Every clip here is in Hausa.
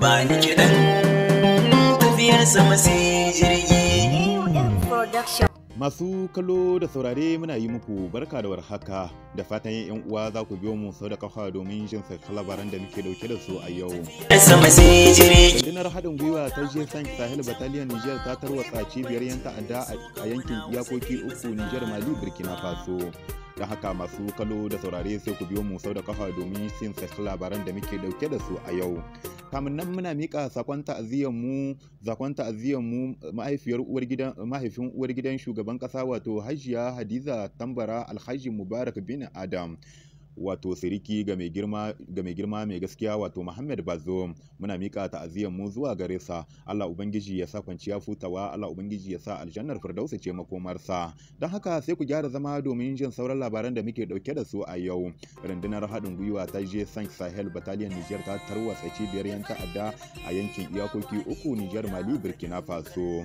ba ni kiɗan sama sai jirgi. Masu kallo da saurare muna yi muku barka da warhaka da fatan yan uwa za ku biyo mu sau da kafa domin jin labaran da muke dauke da su a yau. Dinar haɗin gwiwa ta san Sahel Battalion Niger ta tarwatsa cibiyar yan ta'adda a yankin iyakoki uku Niger Mali Burkina Faso. da haka masu kallo da saurare sai ku biyo mu sau da kafa domin sin labaran da muke dauke da su a yau kamun nan muna mika sakon ta'aziyar mu zakon ta'aziyar mu eh, mahaifiyar uwar gidan eh, mahaifin uwar gidan shugaban kasa wato Hajiya Hadiza Tambara Alhaji Mubarak bin Adam wato siriki ga mai girma mai gaskiya wato Muhammad bazo muna mika ta'aziyar mu zuwa gare sa Allah ubangiji ya sa kwanciya futawa Allah ubangiji ya sa aljannar firdausa ce makomarsa don haka sai ku gyara zama domin jin sauran labaran da muke dauke da su a yau rundunar haɗin gwiwa ta je Sank Sahel Battalion Niger ta tarwatsa cibiyar yan ta'adda a yankin iyakoki uku Niger Mali Burkina Faso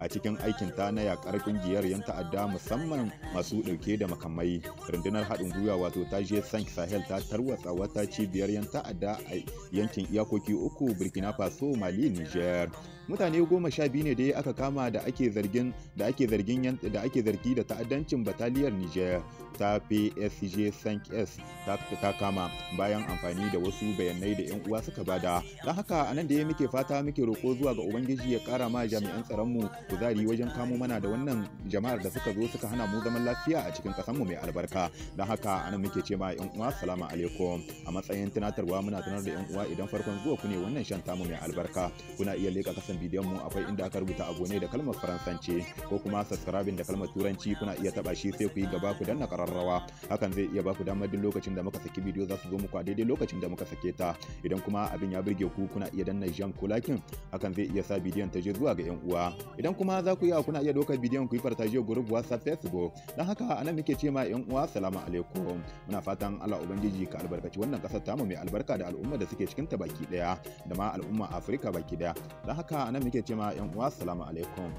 a cikin aikin ta na yakar kungiyar yan ta'adda musamman masu dauke da makamai rundunar haɗin gwiwa wato ta je sank sahel ta tarwatsa wata cibiyar yan ta'adda a yankin iyakoki uku burkina faso mali niger mutane goma sha biyu ne dai aka kama da ake zargin da ake zargin da ake zargi da ta'addancin bataliyar niger ta psg sank s ta kama bayan amfani da wasu bayanai da yan uwa suka bada don haka anan da ya muke fata muke roko zuwa ga ubangiji ya kara ma jami'an mu. kuzari wajen kamo mana da wannan jama'ar da suka zo suka hana mu zaman lafiya a cikin kasanmu mai albarka don haka anan muke ce ma yan uwa salamu alaikum a matsayin tunatarwa muna tunar da yan uwa idan farkon zuwa ku ne wannan shan tamu mai albarka kuna iya leka kasan bidiyon mu akwai inda aka rubuta abu ne da kalmar faransanci ko kuma subscribing da kalmar turanci kuna iya taba shi sai ku yi gaba ku danna kararrawa hakan zai iya ba ku damar duk lokacin da muka saki bidiyo za su zo muku a daidai lokacin da muka sake ta idan kuma abin ya burge ku kuna iya danna jam kulakin hakan zai iya sa bidiyon ta je zuwa ga yan uwa idan kuma za ku iya kuna iya ɗaukar bidiyon ku yi fartajiyo group WhatsApp Facebook don haka anan muke ce ma yan uwa salamu alaikum muna fatan Allah ubangiji ka albarkaci wannan kasar tamu mai albarka da al'umma da suke cikin ta baki daya da ma al'umma Afirka baki daya don haka anan muke ce ma yan uwa salamu alaikum